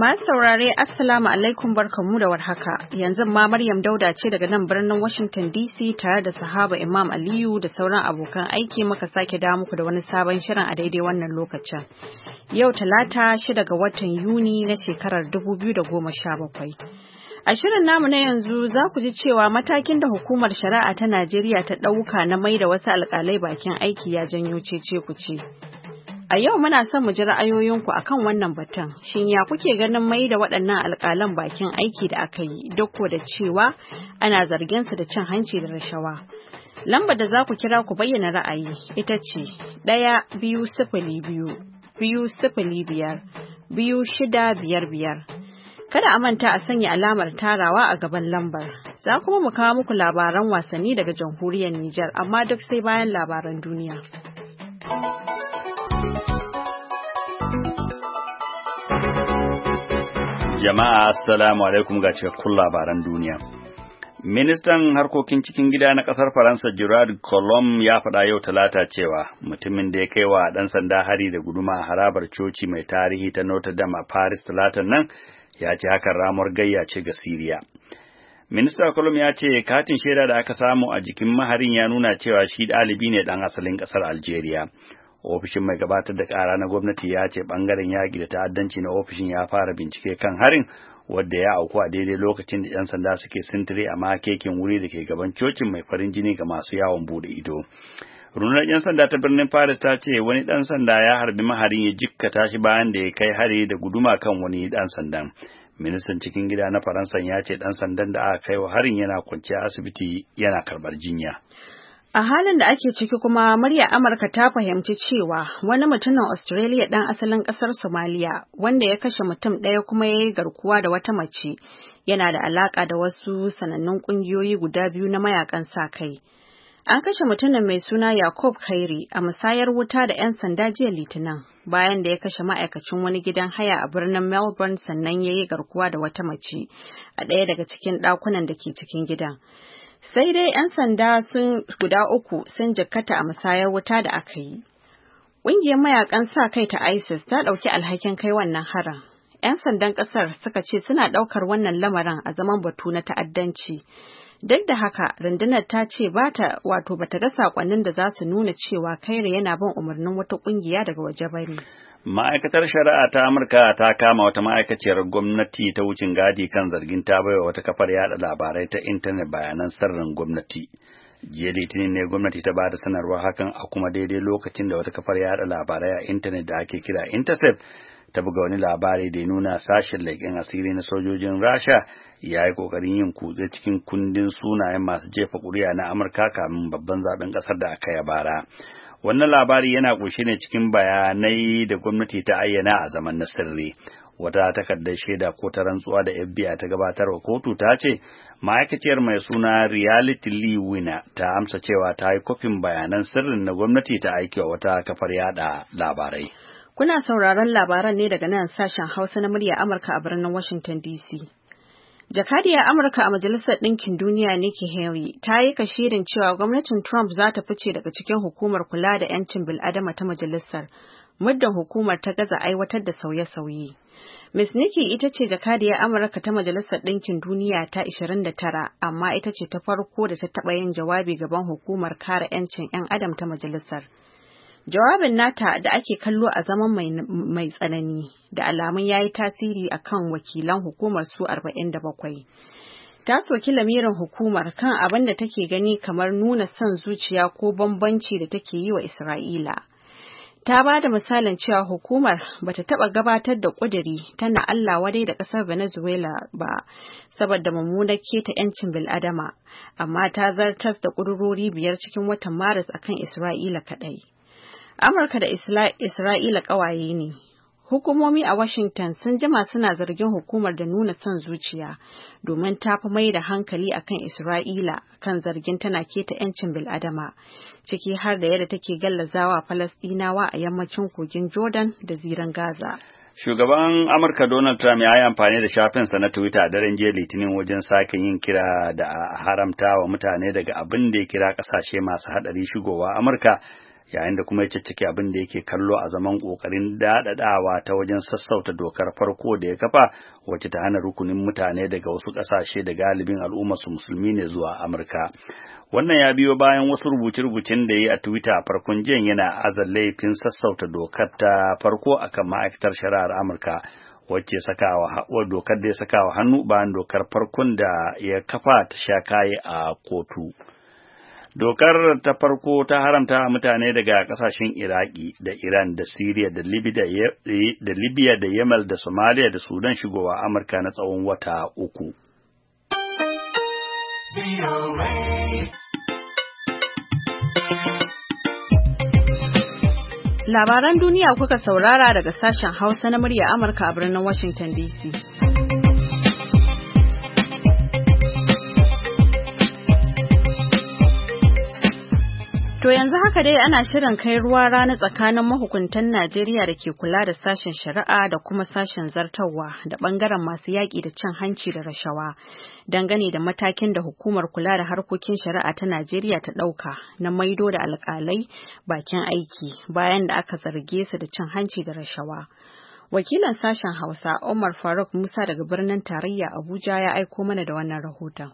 Masu saurare Assalamu alaikum barkamu da warhaka. Yanzu ma Maryam Dauda ce daga nan birnin Washington DC tare da sahaba Imam Aliyu da sauran abokan aiki muka sake da muku da wani sabon shirin a daidai wannan lokacin. Yau talata shida ga watan Yuni na shekarar 2017. A shirin namu na yanzu za ku ji cewa matakin da hukumar shari'a ta Najeriya ta ɗauka na mai da wasu alƙalai bakin aiki ya janyo cece ce. A yau muna son mu ji ra'ayoyinku kan wannan batun. Shin ya kuke ganin mai da waɗannan alƙalan bakin aiki da aka yi duk da cewa ana zargin su da cin hanci da rashawa. Lambar da za ku kira ku bayyana ra'ayi ita ce ɗaya biyu sifili biyu biyu sifili biyar biyu shida biyar biyar. Kada a manta a sanya alamar tarawa a gaban lambar. Za kuma mu kawo muku labaran wasanni daga jamhuriyar Nijar amma duk sai bayan labaran duniya. Jama'a assalamu alaikum ga cikakkun labaran duniya. Ministan harkokin cikin gida na ƙasar Faransa Gerard Colom ya faɗa yau talata cewa mutumin da ya kai wa ɗan sanda hari da guduma a harabar coci mai tarihi ta Notre Dame a Paris talatan nan ya ce hakan ramar gayya ce ga Siriya. Minista Colom ya ce katin shaida da aka samu a jikin maharin ya nuna cewa shi ɗalibi ne ɗan asalin ƙasar Algeria. ofishin mai gabatar da kara na gwamnati ya ce bangaren yaƙi da ta'addanci na ofishin ya fara bincike kan harin wadda ya auku a daidai lokacin da 'yan sanda suke sintire a makekin wuri da ke gaban cocin mai farin jini ga masu yawon bude ido Runar 'yan sanda ta birnin paris ta ce wani ɗan sanda ya harbi maharin ya jikkata shi bayan da ya kai hari da guduma kan wani ɗan sandan ministan cikin gida na faransa ya ce ɗan sandan da aka kai wa harin yana kwanciya asibiti yana karɓar jinya A halin da ake ciki kuma murya Amurka ta fahimci cewa wani mutumin Australia ɗan asalin ƙasar Somalia wanda ya kashe mutum ɗaya kuma ya yi garkuwa da wata mace yana da alaƙa da wasu sanannun ƙungiyoyi guda biyu na mayakan sa kai. An kashe mutumin mai suna Yakob Khairi a musayar wuta da 'yan sanda jiya Litinin bayan da ya kashe ma'aikacin wani gidan haya a birnin Melbourne sannan ya yi garkuwa da wata mace a ɗaya daga cikin ɗakunan da ke cikin gidan. sai dai 'yan sanda sun guda uku sun jikkata a musayar wuta da aka yi. Ƙungiyar mayakan sa kai ta ISIS ta ɗauki alhakin kai wannan harin. 'Yan sandan ƙasar suka ce suna ɗaukar wannan lamarin a zaman batu na ta'addanci. Duk da haka, rundunar ta ce ba ta wato ba ta ga saƙonnin da za su nuna cewa Kairi yana bin umarnin wata ƙungiya daga waje bari. Ma'aikatar Shari'a ta Amurka ta kama wata ma'aikaciyar gwamnati ta wucin gadi kan zargin ta baiwa wata kafar yada labarai ta intanet bayanan sirrin gwamnati. Jiya Litinin ne gwamnati ta bada sanarwa hakan a kuma daidai lokacin da wata kafar yada labarai a intanet da ake kira Intercept ta buga wani labari da ya nuna sashen leƙen asiri na sojojin Rasha ya yi ƙoƙarin yin kutse cikin kundin sunayen masu jefa ƙuri'a na Amurka kamin babban zaben ƙasar da aka yi bara. wannan labari yana ƙunshe ne cikin bayanai da gwamnati ta ayyana a zaman na sirri wata takardar shaida ko ta rantsuwa da FBI ta gabatar wa kotu ta ce ma'aikaciyar mai suna reality lee wina ta amsa cewa ta yi kofin bayanan sirrin na gwamnati ta aikiwa wata kafar yada labarai kuna sauraron labaran ne daga nan sashen hausa na murya amurka a birnin washington dc Jakadiyar Amurka a Majalisar Ɗinkin Duniya Nikki Haley ta yi kashirin cewa gwamnatin Trump za ta fice daga cikin hukumar kula da 'yancin bil'adama ta majalisar muddin hukumar ta gaza aiwatar da sauye-sauye. Ms. Nikki ita ce jakadiyar Amurka ta Majalisar Ɗinkin Duniya ta 29 amma ita ce ta farko da ta taɓa yin jawabi gaban hukumar kare 'yancin 'yan adam ta majalisar. Jawabin nata da ake kallo a zaman mai tsanani da alamun ya yi tasiri a kan wakilan hukumar su bakwai. Ta soki lamirin hukumar kan abin da take gani kamar nuna son zuciya ko bambanci da take yi wa Isra'ila. Ta ba da misalin cewa hukumar ba ta taɓa gabatar da ƙudiri tana Allah wadai da ƙasar Venezuela ba, saboda mummunar keta 'yancin bil'adama, amma ta zartas da ƙudurori biyar cikin watan Maris akan Isra'ila kaɗai. Amurka da Isra'ila ƙawaye ne. Hukumomi a Washington sun jima suna zargin hukumar da nuna son zuciya domin ta fi mai da hankali a kan Isra'ila kan zargin tana keta 'yancin bil'adama, ciki har da yadda take gallazawa Falasɗinawa a yammacin kogin Jordan da ziran Gaza. Shugaban Amurka Donald Trump ya yi amfani da shafinsa na Twitter a daren jiya Litinin wajen sake yin kira da haramta wa mutane daga abin da ya kira ƙasashe masu haɗari shigowa Amurka yayin da kuma ya cicciki abin da yake kallo a zaman ƙoƙarin daɗaɗawa ta wajen sassauta dokar farko da ya kafa wacce ta hana rukunin mutane daga wasu ƙasashe da galibin al'umma su musulmi ne zuwa Amurka. Wannan ya biyo bayan wasu rubuce-rubucen da ya yi a Twitter farkon jiyan yana aza laifin sassauta dokar ta farko akan ma'aikatar shari'ar Amurka. wacce sakawa dokar da ya sakawa hannu bayan dokar farkon da ya kafa ta sha kaye a kotu. Dokar ta farko ta haramta mutane daga ƙasashen Iraki da Iran da Siriya da Libya da Yemen da Somalia da Sudan shigowa Amurka na tsawon wata uku. Labaran duniya kuka saurara daga sashen Hausa na murya Amurka a birnin Washington DC. To yanzu haka dai ana shirin kai ruwa rana tsakanin mahukuntan Najeriya da ke kula da sashen shari'a da kuma sashen zartarwa da bangaren masu yaƙi da cin hanci da rashawa dangane da matakin da hukumar kula da harkokin shari'a ta Najeriya ta ɗauka na maido da alƙalai bakin aiki bayan da aka zarge su da cin hanci da rashawa. Wakilan sashen Hausa Umar Faruk Musa daga birnin tarayya Abuja ya aiko mana da wannan rahoton.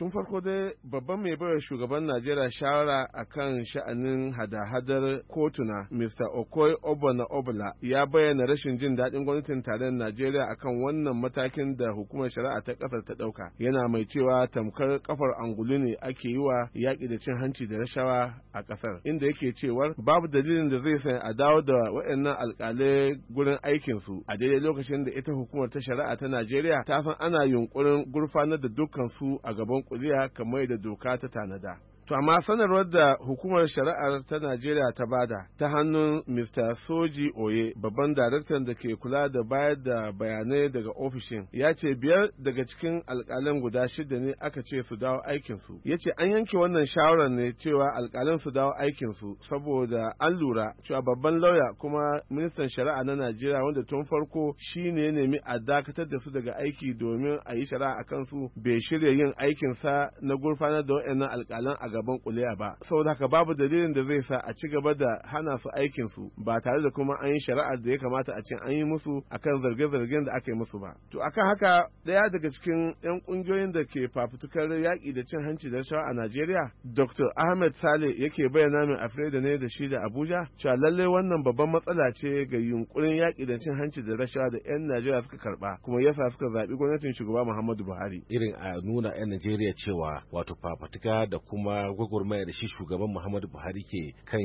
tun farko dai babban mai bayar shugaban najeriya shawara kan sha'anin hada-hadar kotuna mr okoy obana obla ya bayyana rashin jin daɗin gwamnatin tarayyar najeriya akan wannan matakin da hukumar shari'a ta ƙasar ta ɗauka yana mai cewa tamkar kafar angulu ne ake yi wa yaƙi da cin hanci da rashawa a ƙasar inda yake cewar babu dalilin da zai sanya a dawo da waɗannan alƙalai gurin aikinsu a daidai lokacin da ita hukumar ta shari'a ta najeriya ta san ana yunkurin gurfanar da dukkan su a gaban ƙuri'a kamar da doka ta tanada To amma sanarwar da hukumar shari'ar ta Najeriya ta bada ta hannun Mr. Soji Oye, babban daraktan da ke kula da bayar da bayanai daga ofishin, ya ce biyar daga cikin alkalan guda shida ne aka ce su dawo aikinsu. Ya ce an yanke wannan shawarar ne cewa alkalan su dawo aikinsu saboda an lura cewa babban lauya kuma ministan shari'a na Najeriya wanda tun farko shi ne nemi a dakatar da su daga aiki domin a yi shari'a a su bai shirya yin aikinsa na gurfanar da waɗannan alkalan a gaban kuliya ba saboda haka babu dalilin da zai sa a ci gaba da hana su aikin su ba tare da kuma an yi shari'ar da ya kamata a ce an yi musu akan zarge-zargen da aka yi musu ba to akan haka daya daga cikin yan kungiyoyin da ke fafutukar yaƙi da cin hanci da rashawa a Najeriya Dr. Ahmed Sale yake bayyana min Afreda ne da shi da Abuja cewa lalle wannan babban matsala ce ga yunkurin yaƙi da cin hanci da rashawa da 'yan Najeriya suka karɓa kuma yasa suka zaɓi gwamnatin shugaba Muhammadu Buhari. Irin a nuna 'yan Najeriya cewa wato fafutuka da kuma gwagwarmaya da shi shugaban Muhammadu Buhari ke kan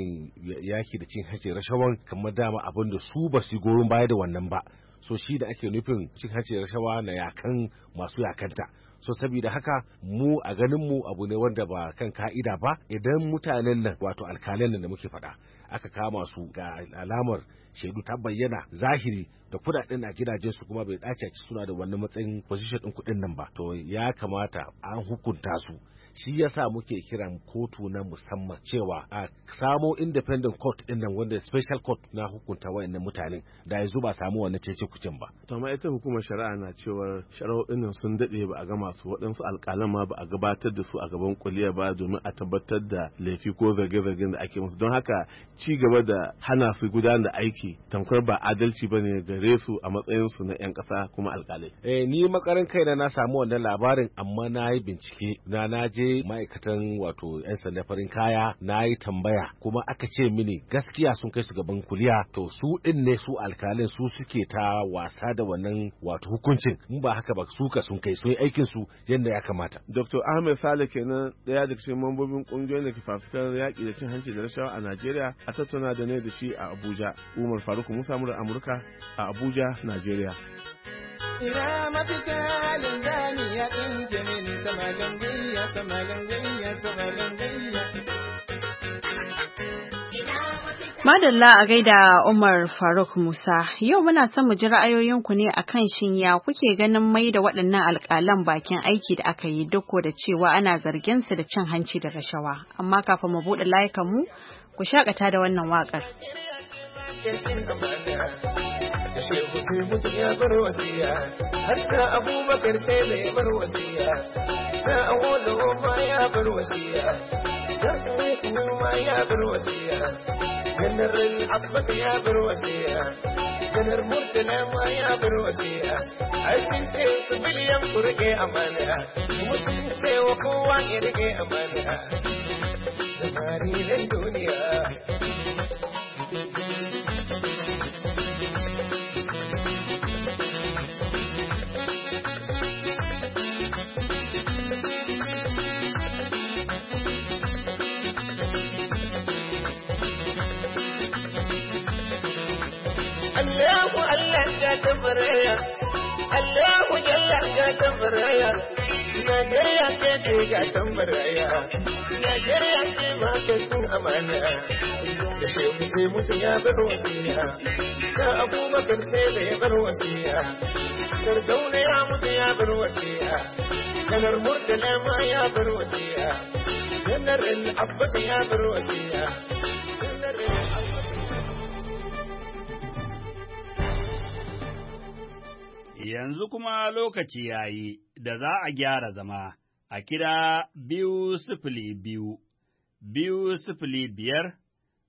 yaki da cin hanci rashawan kamar dama abin da su ba su goyon baya da wannan ba so shi da ake nufin cin hanci rashawa na yakan masu yakanta so saboda haka mu a ganin mu abu ne wanda ba kan ka'ida ba idan mutanen nan wato alkalan nan da muke faɗa aka kama su ga alamar shaidu ta bayyana zahiri da kudaden a gidajen su kuma bai dace suna da wani matsayin position din kudin nan ba to ya kamata an hukunta su shi ya sa muke kiran kotu na musamman cewa a samo independent court din nan wanda special court na hukunta wayannan mutanen da yanzu ba samu wannan cece kucin ba to amma ita hukumar shari'a na cewa shari'o'in nan sun dade ba a ga masu waɗansu alƙalan ma ba a gabatar da su a gaban kuliya ba domin a tabbatar da laifi ko zarge-zargen da ake musu don haka ci gaba da hana su gudanar da aiki tamkar ba adalci bane gare su a matsayin su na 'yan kasa kuma alƙalai eh ni makarin kaina na samu wannan labarin amma na yi bincike na na je je ma'aikatan wato 'yan sanda farin kaya na yi tambaya kuma aka ce mini gaskiya sun kai su gaban kuliya to su din ne su alkalin su suke ta wasa da wannan wato hukuncin in ba haka ba su ka sun kai su yi aikin su yadda ya kamata. Dr. Ahmed Sale kenan daya daga cikin mambobin kungiyoyin da ke fafutukar yaƙi da cin hanci da rashawa a Najeriya a tattauna da ne da shi a Abuja. Umar Faruk Musa Amurka a Abuja, Najeriya. Ina mafita halin ya sama gangayya sama gangayya sama gangayya. Madalla a gaida Umar Faruk Musa, yau muna son mu ji ra'ayoyinku ne akan shin ya kuke ganin mai da waɗannan alƙalan bakin aiki da aka yi duk da cewa ana zargin su da cin hanci da rashawa. Amma kafin mu buɗe layukanmu ku shaƙata da wannan waƙar. da shehu sai mutum ya bar wasiya har sa abubakar sai da ya bar wasiya sa awo da ma ya bar wasiya da sai ma ya bar wasiya janar abbas ya bar wasiya janar murtala ma ya bar wasiya ai sun ce su biliyan ku rike amana mutum sai wa kowa ya rike amana da marilan duniya kambaraya Allahu jalla ga kambaraya Najeriya ce ce ga tambaraya Najeriya ce ma ta sun amana Da sai mu sai mutu ya bar wasiya Ka Abubakar sai da ya bar wasiya Sardauna ya mutu ya bar wasiya Kanar Murtala ma ya bar wasiya Janar Abbas ya bar wasiya Yanzu kuma lokaci ya yi da za a gyara zama a kira biyu sifili biyu, biyu sifili biyar,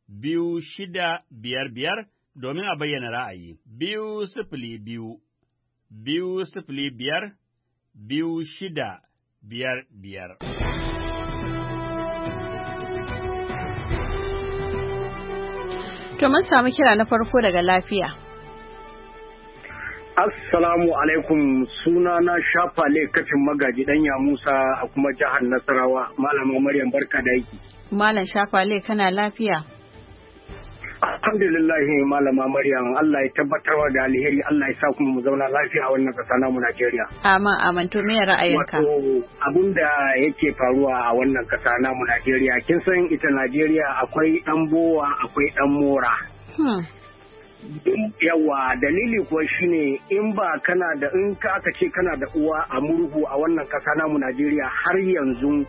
biyu shida biyar biyar domin a bayyana ra'ayi, biyu sifili biyu, biyu sifili biyar, biyu shida biyar biyar. To mun samu kira na farko daga lafiya. Assalamu alaikum suna na shafa kacin magaji danya Musa a kuma jihar Nasarawa malama Maryam barka da yake. Malam shafa kana lafiya? Alhamdulillah malama Maryam Allah ya tabbatarwa da alheri Allah ya sa kuma mu zauna lafiya a wannan kasa namu Najeriya. Amma aman to me ra'ayinka? Wato abin da yake faruwa a wannan kasa namu Najeriya kin san ita Najeriya akwai dan bowa akwai dan mora. Hmm. yawa dalili kuwa shine in ba kana da in ka aka ce kana da uwa a murhu a wannan kasa namu Najeriya har yanzu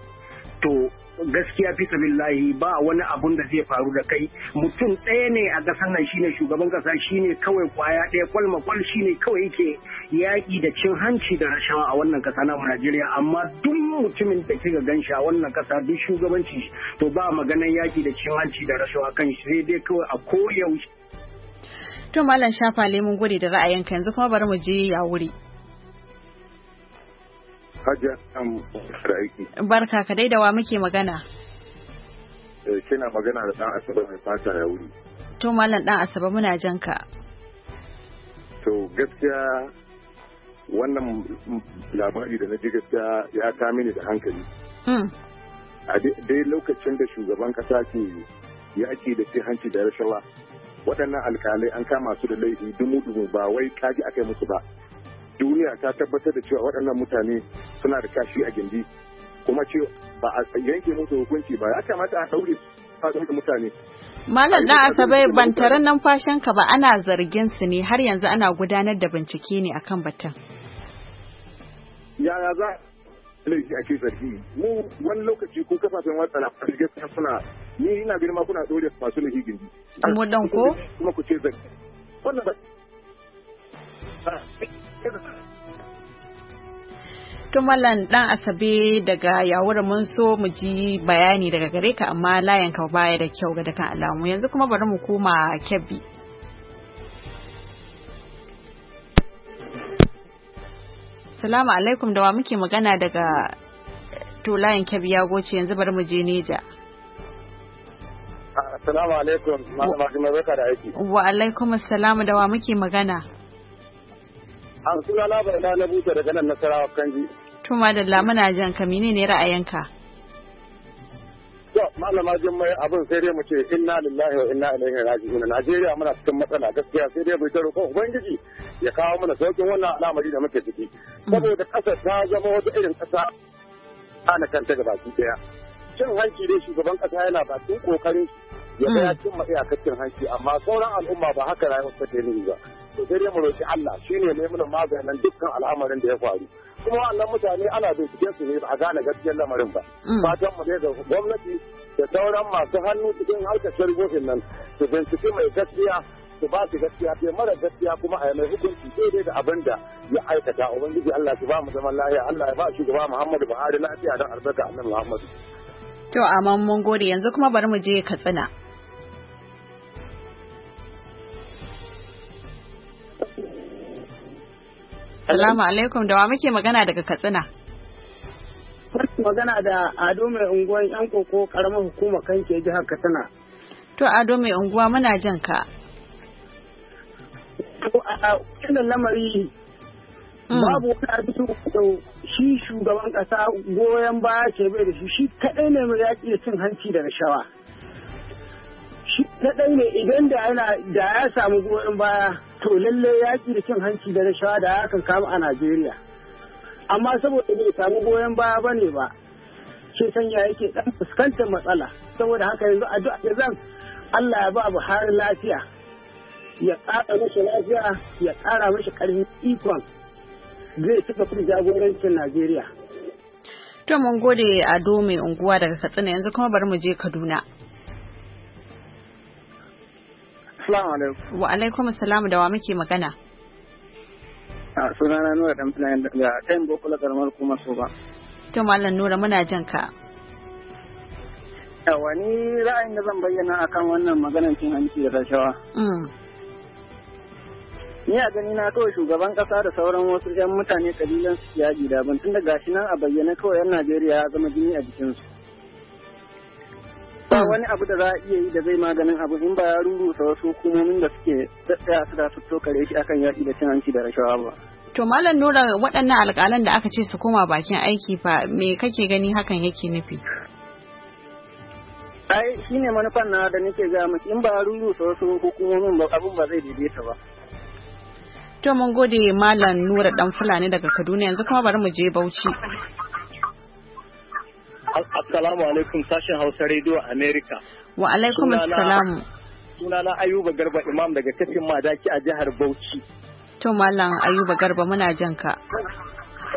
to gaskiya fi sabillahi ba wani abun da zai faru da kai mutum ɗaya ne a ƙasar nan shine shugaban ƙasa shine kawai kwaya ɗaya kwalma kwal shine kawai yake yaƙi da cin hanci da rashawa a wannan ƙasa namu Najeriya amma duk mutumin da kika gan shi a wannan ƙasa duk shugabanci to ba maganan yaƙi da cin hanci da rashawa kan shi sai dai kawai a koyaushe To Malam Shafa lemun gode da ra'ayinka yanzu kuma bari mu je ya wuri. Hajiya am um, aiki. Barka ka dai da wa muke magana. Eh, kina magana da ɗan Asaba mai fata ya wuri. To Malam ɗan Asaba muna jan ka. To gaskiya wannan labari da na ji gaskiya ya ta mini da hankali. Hmm. A dai lokacin da shugaban kasa ke yaki da ci hanci da rashawa. waɗannan alkalai an kama su da laifi dumu dumu ba wai kaji yi musu ba duniya ta tabbatar da cewa waɗannan mutane suna da kashi a gindi kuma ce ba a yanke musu hukunci ba ya kamata a ɗaure su mutane Malam na Asabe ban tare ka ba ana zargin su ne har yanzu ana gudanar da bincike ne akan batun. Yaya za laifi ake zargi mu wani lokaci ko kafafen watsa labarai gaskiya suna ni ina girma kuna dore masu laifi gindi mu dan ko kuma ku ce zargi wannan ba Tumalan ɗan Asabe daga yawura mun so mu ji bayani daga gare ka amma layanka ka baya da kyau ga dukkan alamu yanzu kuma bari mu koma Kebbi. Salamu alaikum da wa muke magana daga to layin kyabi ya goce yanzu bari mu je Neja. salamu alaikum, masu Juma barka da aiki. Wa alaikum salamu da wa muke magana. An suna labar na buta daga nan Nasarawa Kanji. Tuma da lamuna jan kamini ne ra'ayinka? To malama Jummai abin sai dai mu ce inna lillahi wa inna ilaihi raji'un. Najeriya muna cikin matsala gaskiya sai dai mu ta roƙon ubangiji ya kawo mana sauƙin wannan al'amari da muke ciki. Saboda ƙasar ta zama wata irin ƙasa ana kanta ga baki ɗaya. Cin hanci dai shugaban ƙasa yana bakin ƙoƙarin ya ga ya mm. cimma iyakacin hanci amma sauran al'umma ba haka rayuwar ta ne ba. To sai dai mu roƙi Allah shine ne mana maganin dukkan al'amarin da ya faru. kuma wannan mutane ana binciken su ne ba a gane gaskiyar lamarin ba mm. fatan mu da gwamnati da sauran masu hannu cikin harkar sharhohin nan su bincike mai gaskiya su ba su gaskiya sai mara gaskiya kuma a ya mai hukunci daidai da abin da ya aikata ubangiji Allah su ba mu zaman lafiya Allah ya ba shugaba Muhammadu Buhari lafiya don albarka Annabi Muhammadu to amma mun gode yanzu kuma bari mu je Katsina Salamu alaikum da wa muke magana daga Katsina. Farko magana da Ado mai unguwa yan koko karamar hukumar ke jihar Katsina. To Ado mai unguwa muna jan ka. To a lamari mm. babu wani abin shi shugaban kasa goyon baya ke bai da shi shi kadai ne mai yaƙi da cin hanci da rashawa. shi ɗan ne idan da yana da ya samu goyon baya to lalle yaƙi da cin hanci da rashawa da ya kan kama a Najeriya. Amma saboda bai samu goyon baya ba ne ba, shi sanya yake ɗan fuskantar matsala. Saboda haka yanzu addu'a da zan Allah ya ba Buhari lafiya, ya ƙara mashi lafiya, ya ƙara mashi ƙarfin ikon zai cika kuma jagorancin Najeriya. To mun gode Ado mai unguwa daga Katsina yanzu kuma bari mu je Kaduna. Assalamu alaikum. Wa alaikum assalam da wa muke magana. A na Nura dan filayen daga kan Bokola karamar kuma so ba. To Malam Nura muna jin ka. Yawa ni ra'ayin da zan bayyana akan wannan maganar cin hanci da rashawa. Mm. Ni a gani na kawai shugaban kasa da sauran wasu 'yan mutane kalilan su yaji da bantun da gashi nan a bayyane kawai 'yan Najeriya ya zama jini a jikinsu. ba wani abu da za a iya yi da zai maganin abu in ba ya rurusa wasu hukumomin da suke tsaya su da tokare shi akan yaƙi da cin hanci da rashawa ba. To Malam Nura waɗannan alƙalan da aka ce su koma bakin aiki fa me kake gani hakan yake nufi? Ai shi ne manufan na da nake ga maki in ba ya rurusa wasu hukumomin ba abin ba zai daidaita ba. To mun gode Malam Nura ɗan Fulani daga Kaduna yanzu kuma bari mu je Bauchi. Assalamu alaikum sashen Hausa Radio America. Wa alaikum assalamu. Sunana Ayuba Garba Imam daga kafin Madaki a jihar Bauchi. To Malam Ayuba Garba muna jan ka.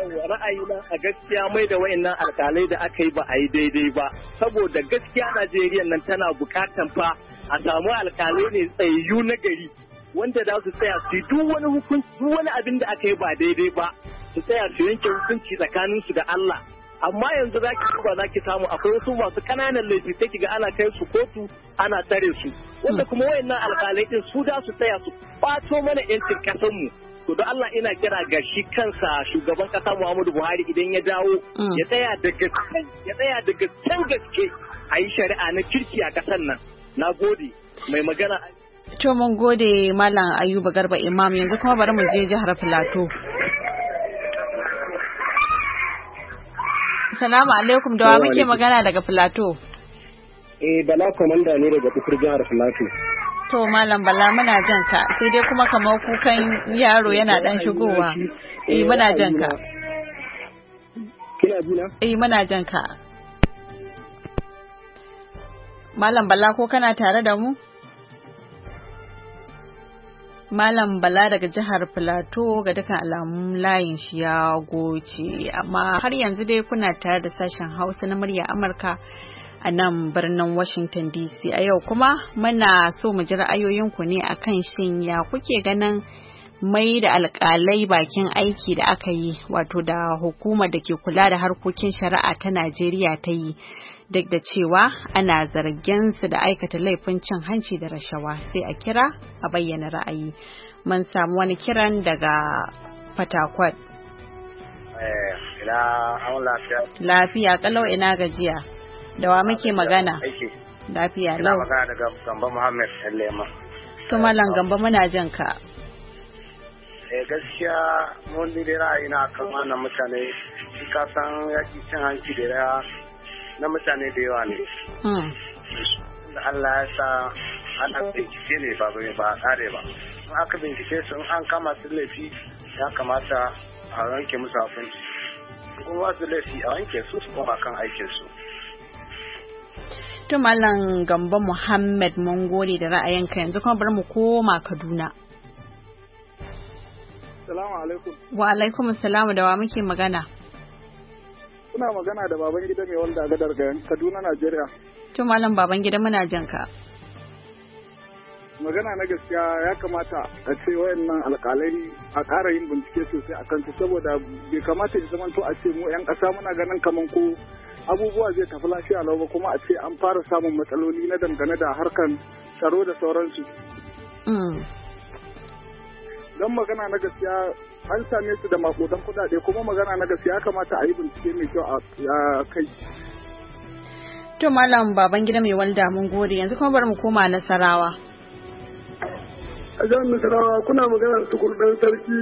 ra'ayina a gaskiya mai da wayannan alkalai da aka yi ba a yi daidai ba saboda gaskiya Najeriya nan tana bukatan fa a samu alkalai ne tsayayyu na gari wanda za su tsaya su duk wani hukunci duk wani abin da aka yi ba daidai ba su tsaya su yanke hukunci tsakaninsu da Allah amma yanzu za ki ba za ki samu akwai wasu masu kananan laifi sai ga ana kai su kotu ana tare su wanda kuma wayannan alƙalai din su da su tsaya su ɓato mana 'yancin mu to da Allah ina kira ga shi kansa shugaban kasa Muhammadu Buhari idan ya dawo mm. ya tsaya da gaske ya tsaya da gaske a yi shari'a na kirki a kasan nan na gode mai magana to mun gode malam Ayuba Garba Imam yanzu kuma bari mu je jihar Filato Assalamu alaikum da wa muke magana daga Filato. Eh Bala komanda ne daga Tukur jihar Filato. To Malam Bala muna jan ka sai dai kuma kamar kukan yaro eh, yana dan shigowa. Eh, eh muna jan ka. Kina jina? Eh muna jan ka. Malam Bala ko kana tare da mu? Malam Bala daga jihar Filato ga duka alamun layin shi ya goce, amma har yanzu dai kuna tare da sashen Hausa na murya Amurka a nan birnin Washington DC. A yau kuma muna so mu ji ra'ayoyinku ne akan shin ya kuke ganin mai da alkalai bakin aiki da aka yi wato da hukumar da ke kula da harkokin shari'a ta Najeriya ta yi duk da cewa ana zargin su da aikata laifin cin hanci da rashawa sai a kira a bayyana ra'ayi mun samu wani kiran daga fatakwal eh, lafiya kalau ina gajiya da wa muke magana lafiya lau magana daga gamba muhammad lema to malam gamba muna jin ka eh gaskiya mun dai ra'ayi na kan wannan mutane ka san yaki cin hanci da na mutane da yawa ne hmm. da Allah ya sa ana bincike ne ba ba a kare ba in aka bincike su in an kama su laifi ya kamata a wanke musu hukunci kuma su laifi a wanke su su kuma kan aikin su Tun mallam gamba muhammad mun gode da ra'ayinka yanzu kuma bari mu koma kaduna Salamu alaikum. Wa alaikum salamu da wa muke magana. Kuna magana da baban gida mai wanda ga gayan Kaduna, Najeriya. To malam baban gida muna jin ka. Magana na gaskiya ya kamata a ce wayannan alkalai a ƙara yin bincike sosai a kansu saboda bai kamata ya zama to a ce mu 'yan ƙasa muna ganin kaman ko abubuwa zai tafi lafiya lau ba kuma a ce an fara samun matsaloli na dangane da harkan tsaro da sauransu. Mm. Don magana na gaskiya an same su da makudan kudade kuma magana na gaskiya kamata a yi bincike mai kyau a kai to malam baban gida mai walda mun gode yanzu kuma bari mu koma nasarawa a jihar nasarawa kuna magana da dan sarki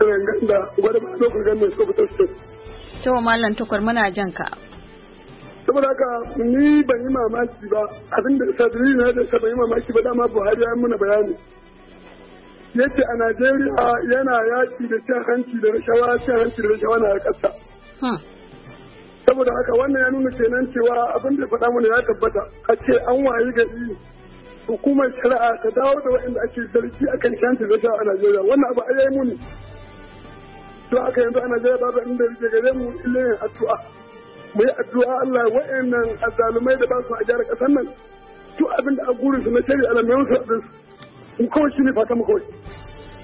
eh, da gwada ba lokacin ganin su fito su to malam tukur muna jan ka saboda haka ni ban yi mamaki ba abinda sadiri na da ban yi mamaki ba dama buhari ya yi mana bayani yake a Najeriya yana yaki da cin hanci da rashawa cin hanci da rashawa na ƙasa. Saboda haka wannan ya nuna kenan cewa abin da faɗa mana ya tabbata a ce an wayi gari hukumar shari'a ta dawo da waɗanda ake zargi akan cin hanci da rashawa a Najeriya wannan abu ai muni. To aka yanzu a Najeriya babu inda rike gare mu ilimin addu'a. Mu yi addu'a Allah waɗannan azzalumai da ba su a gyara ƙasar nan. Duk abin da a gurin su na shari'a da mai wasu abin su. kawai ne fata mu kawai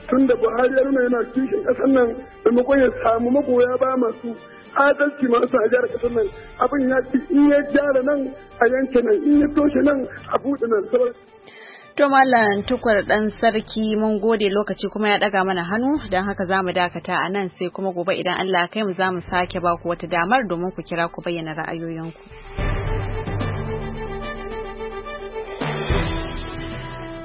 tun da buhari ya nuna yana cikin kasar nan maimakon ya samu magoya ba masu adalci masu a gyara nan abin ya ci in ya gyara nan a yanke nan in ya toshe nan a buɗe nan To Malam tukwar ɗan sarki mun gode lokaci kuma ya ɗaga mana hannu don haka za mu dakata a nan sai kuma gobe idan Allah kai mu za mu sake ba ku wata damar domin ku kira ku bayyana ra'ayoyinku.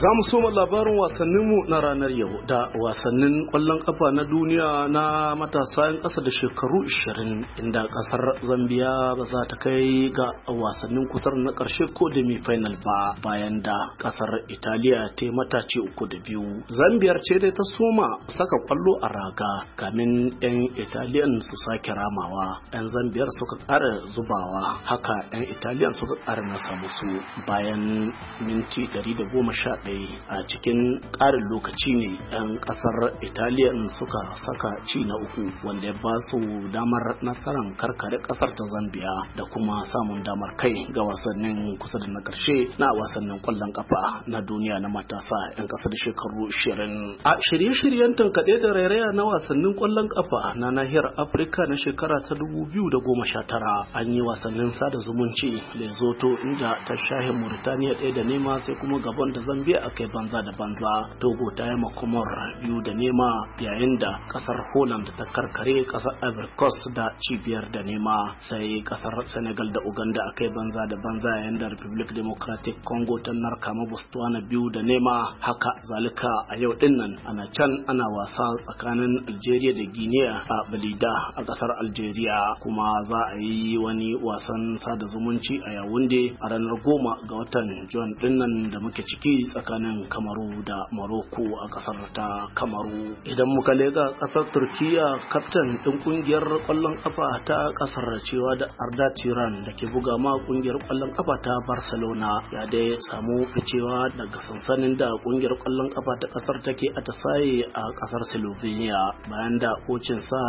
Za mu soma labarin wasanninmu na ranar yau da wasannin ƙwallon ƙafa na duniya na matasa 'yan ƙasa da shekaru 20 inda ƙasar Zambia ba za ta kai ga wasannin kusur na ƙarshe ko semi-final ba bayan da ƙasar Italiya ta matace uku da biyu. Zambiyar ce dai ta soma saka kwallo a raga kamin 'yan Italiyan su sake ramawa. 'Yan Zambiyar suka ƙara zubawa haka 'yan Italiyan suka ƙara nasa musu bayan minti 110 kadai a cikin ƙarin lokaci ne 'yan ƙasar italiya suka saka ci na uku wanda ya ba su damar nasarar karkare ƙasar ta zambia da kuma samun damar kai ga wasannin kusa da na ƙarshe na wasannin ƙwallon ƙafa na duniya na matasa 'yan ƙasar shekaru 20 a shirye-shiryen tankaɗe da rairaya na wasannin ƙwallon ƙafa na nahiyar afirka na shekara ta 2019 an yi wasannin sada zumunci lesotho inda ta shahin mauritaniya ɗaya da nema sai kuma gabon da zambia dai aka banza da banza togo ta yi makomar biyu da nema yayin da kasar holland ta karkare kasar ivory coast da cibiyar da nema sai kasar senegal da uganda a kai banza da banza yayin da republic democratic congo ta narka botswana biyu da nema haka zalika a yau din nan ana can ana wasa tsakanin algeria da guinea a balida a kasar algeria kuma za a yi wani wasan sada zumunci a yawunde a ranar goma ga watan juan din nan da muke ciki tsakanin tsakanin kamaru da maroko a kasar ta kamaru idan muka lega kasar turkiya kaftan din kungiyar kwallon kafa ta kasar cewa da arda tiran da ke buga ma kungiyar kwallon kafa ta barcelona ya dai samu ficewa daga sansanin da kungiyar kwallon kafa ta kasar take a tasaye a kasar slovenia bayan da kocin sa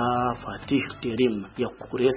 fatih terim ya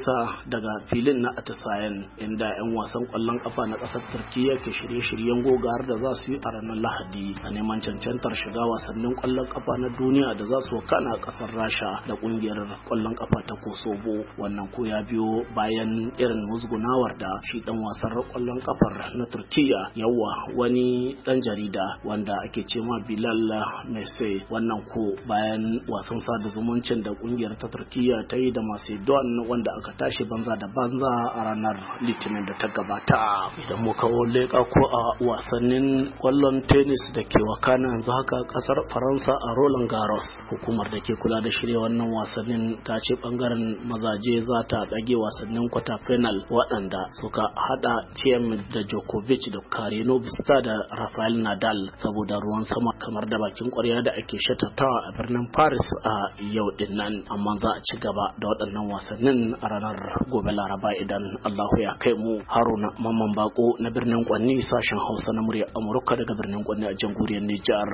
sa daga filin na atisayen inda 'yan wasan kwallon kafa na kasar turkiya ke shirye-shiryen gogar da za su yi a ranar lahadi a neman cancantar shiga wasannin kwallon kafa na duniya da za su wakana kasar rasha da kungiyar kwallon kafa ta kosovo wannan ko ya biyo bayan irin musgunawar da shi dan wasan kwallon kafar na turkiya yawa wani dan jarida wanda ake cewa bilal mese wannan ko bayan wasan sada zumuncin da kungiyar ta turkiya ta yi da macedon wanda aka tashi banza da banza a ranar litinin da ta gabata idan muka leka ko a wasannin kwallon te tennis da ke wakana yanzu haka kasar faransa a roland garros hukumar da ke kula da shirya wannan wasannin ta ce bangaren mazaje za ta dage wasannin kwata final waɗanda suka hada tm da djokovic da karino bisa da rafael nadal saboda ruwan sama kamar da bakin kwarya da ake shatattawa a birnin paris a yau din nan amma za a ci gaba da waɗannan wasannin a ranar gobe laraba idan allahu ya kai mu haruna mamman bako na birnin kwanni sashen hausa na murya amurka daga birnin sakonni a jamhuriyar Nijar.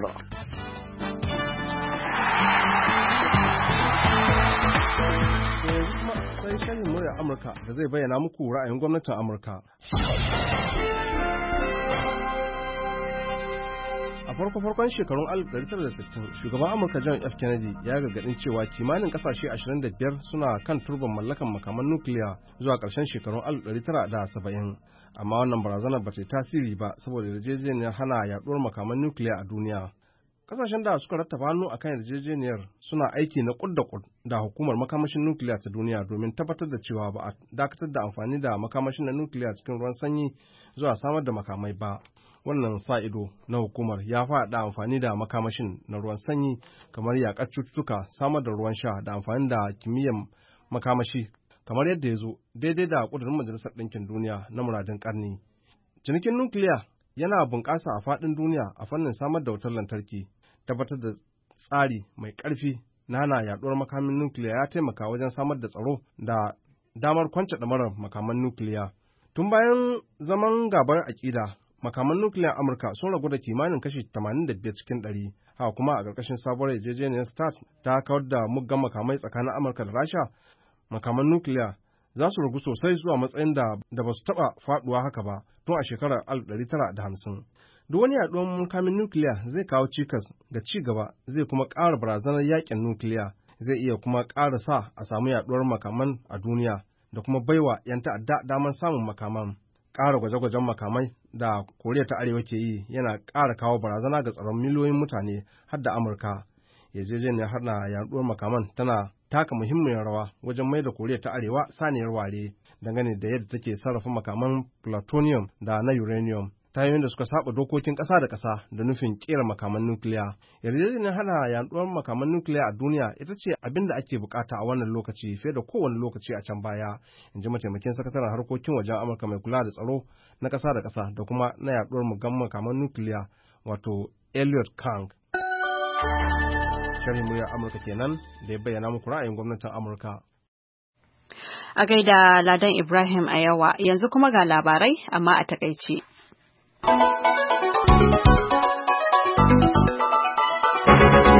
sai shirin murya Amurka da zai bayyana muku ra'ayin gwamnatin Amurka. a farko farkon shekarun 1960 shugaban amurka john f kennedy ya gargadin cewa kimanin kasashe 25 suna kan turban mallakan makaman nukiliya zuwa karshen shekarun 1970 amma wannan barazanar ba ta tasiri ba saboda yarjejeniyar hana yaduwar makaman nukiliya a duniya kasashen da suka rattaba hannu akan yarjejeniyar suna aiki na kud da kud da hukumar makamashin nukiliya ta duniya domin tabbatar da cewa ba a dakatar da amfani da makamashin na nukiliya cikin ruwan sanyi zuwa samar da makamai ba wannan sa-ido na hukumar ya faɗa amfani da makamashin na ruwan sanyi kamar yaƙar cututtuka samar da ruwan sha da amfani da kimiyyar makamashi kamar yadda ya zo daidai da ƙudurin majalisar ɗinkin duniya na muradin ƙarni. Cinikin nukiliya yana bunƙasa a faɗin duniya a fannin samar da wutar lantarki tabbatar da tsari mai ƙarfi na hana yaɗuwar makamin nukiliya ya taimaka wajen samar da tsaro da damar kwance ɗamarar makaman nukiliya. Tun bayan zaman gabar aƙida makaman nukiliyar amurka sun ragu da kimanin kashi 85 cikin 100 haka kuma a ƙarƙashin sabuwar yarjejeniyar start ta kawar da muggan makamai tsakanin amurka da rasha makaman nukiliya za su ragu sosai zuwa matsayin da da ba su taɓa faɗuwa haka ba tun a shekarar 1950 duk wani yaɗuwar mukamin nukiliya zai kawo cikas ga ci gaba zai kuma ƙara barazanar yaƙin nukiliya zai iya kuma ƙara sa a samu yaɗuwar makaman a duniya da kuma baiwa 'yan ta'adda damar samun makaman ƙara gwaje-gwajen makamai da koriya ta arewa ke yi yana ƙara kawo barazana ga tsaron miliyoyin mutane har da amurka yarjejeniyar hana yaduwar makaman tana taka muhimmiyar rawa wajen mai da koriya ta arewa saniyar ware dangane da yadda take sarrafa makaman plutonium da na uranium ta yi da suka saba dokokin ƙasa da ƙasa da nufin ƙera makaman nukiliya. Yarjejeniyar hana yaduwar makaman nukiliya a duniya ita ce abin da ake bukata a wannan lokaci fiye da kowane lokaci a can baya, in ji mataimakin sakataren harkokin wajen Amurka mai kula da tsaro na ƙasa da ƙasa da kuma na yaduwar mugamman makaman nukiliya wato Elliot Kang. Sharhin muryar Amurka kenan da ya bayyana muku ra'ayin gwamnatin Amurka. A gaida Ladan Ibrahim a yawa yanzu kuma ga labarai amma a takaice.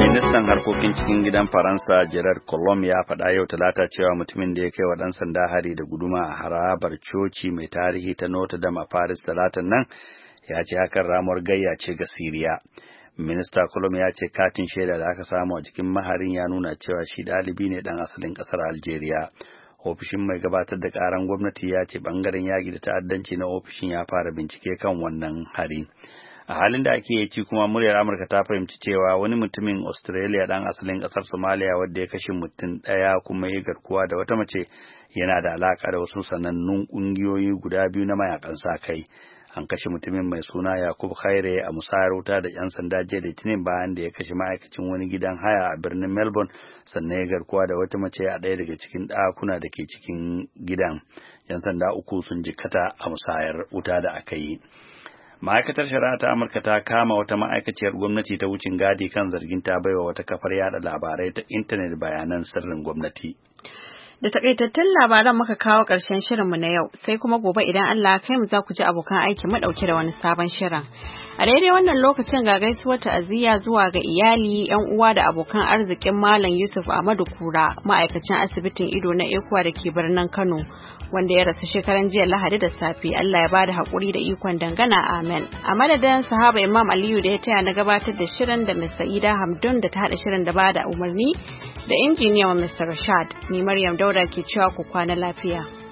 ministan harkokin cikin gidan faransa gerard colom ya faɗa yau talata cewa mutumin da ya kai wa ɗan sanda hari da guduma a harabar coci mai tarihi ta notre dame a paris talatan nan ya ce hakan ramuwar gayya ce ga siriya minista colom ya ce katin shaida da aka samu a jikin maharin ya nuna cewa shi ɗalibi ne ɗan asalin ƙasar algeria ofishin mai gabatar da karan gwamnati ya ce bangaren yaƙi da ta'addanci na ofishin ya fara bincike kan wannan hari a halin da ake ci kuma muryar amurka ta fahimci cewa wani mutumin australia dan asalin ƙasar somalia wadda ya kashe mutum ɗaya kuma ya garkuwa da wata mace yana da alaka da wasu sanannun kungiyoyi guda biyu na mayakan sa kai an kashe mutumin mai suna yakub khaire a musayar wuta da 'yan sanda jiya litinin bayan da ya kashe ma'aikacin wani gidan haya a birnin melbourne sannan ya garkuwa da wata mace a ɗaya daga cikin ɗakuna da ke cikin gidan 'yan sanda uku sun jikata a musayar wuta da aka yi ma'aikatar shari'a ta amurka ta kama wata ma'aikaciyar gwamnati ta wucin gadi kan zargin ta baiwa wata kafar yada labarai ta intanet bayanan sirrin gwamnati Da takaitattun labaran muka kawo ƙarshen shirinmu na yau, sai kuma gobe idan Allah kai mu za ku ji abokan aiki mu ɗauke da wani sabon shirin. A daidai wannan lokacin ga gaisuwar ta'aziyya zuwa ga iyali, 'yan uwa da abokan arzikin Malam Yusuf Ahmadu Kura, ma'aikacin asibitin ido na Ekuwa da ke birnin Kano, wanda ya rasu shekaran jiya lahadi da safe Allah ya bada hakuri da ikon dangana amen a madadin sahaba imam aliyu da ya taya na gabatar da shirin da mr ida hamdun da ta haɗa shirin da bada umarni da injiniya mr rashad ni maryam dauda ke cewa ku kwana lafiya